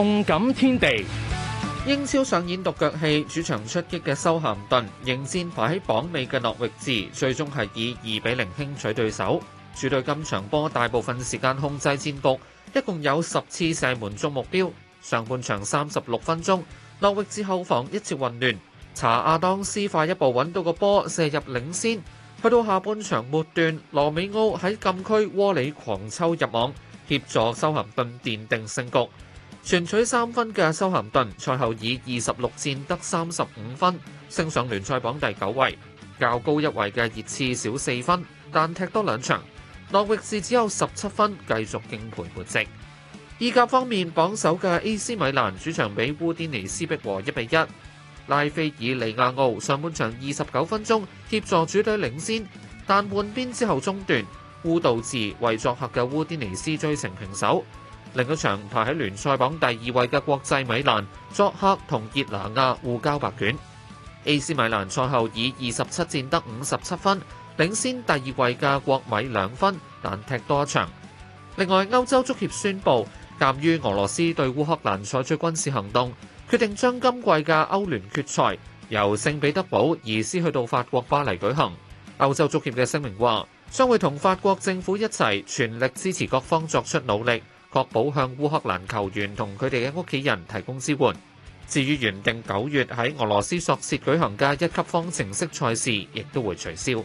動感天地，英超上演獨腳戲，主場出擊嘅修咸頓迎戰排喺榜尾嘅諾域治，最終係以二比零輕取對手。主隊今場波大部分時間控制戰局，一共有十次射門中目標。上半場三十六分鐘，諾域治後防一次混亂，查阿當斯快一步搵到個波射入領先。去到下半場末段，羅美奧喺禁區窩利狂抽入網，協助修咸頓奠定勝局。全取三分嘅修咸頓賽後以二十六戰得三十五分，升上聯賽榜第九位，較高一位嘅熱刺少四分，但踢多兩場，諾域治只有十七分，繼續敬陪末席。意甲方面，榜首嘅 AC 米蘭主場被烏甸尼斯迫和一比一，拉斐爾里亞奧上半場二十九分鐘協助主隊領先，但換邊之後中段，烏道治為作客嘅烏甸尼斯追成平手。另一場排喺聯賽榜第二位嘅國際米蘭作客同熱拿亞互交白卷。A.C. 米蘭賽後以二十七戰得五十七分，領先第二位嘅國米兩分，但踢多一場。另外，歐洲足協宣布，鑑於俄羅斯對烏克蘭採取軍事行動，決定將今季嘅歐聯決賽由聖彼得堡移師去到法國巴黎舉行。歐洲足協嘅聲明話，將會同法國政府一齊全力支持各方作出努力。確保向烏克蘭球員同佢哋嘅屋企人提供支援。至於原定九月喺俄羅斯索契舉行嘅一級方程式賽事，亦都會取消。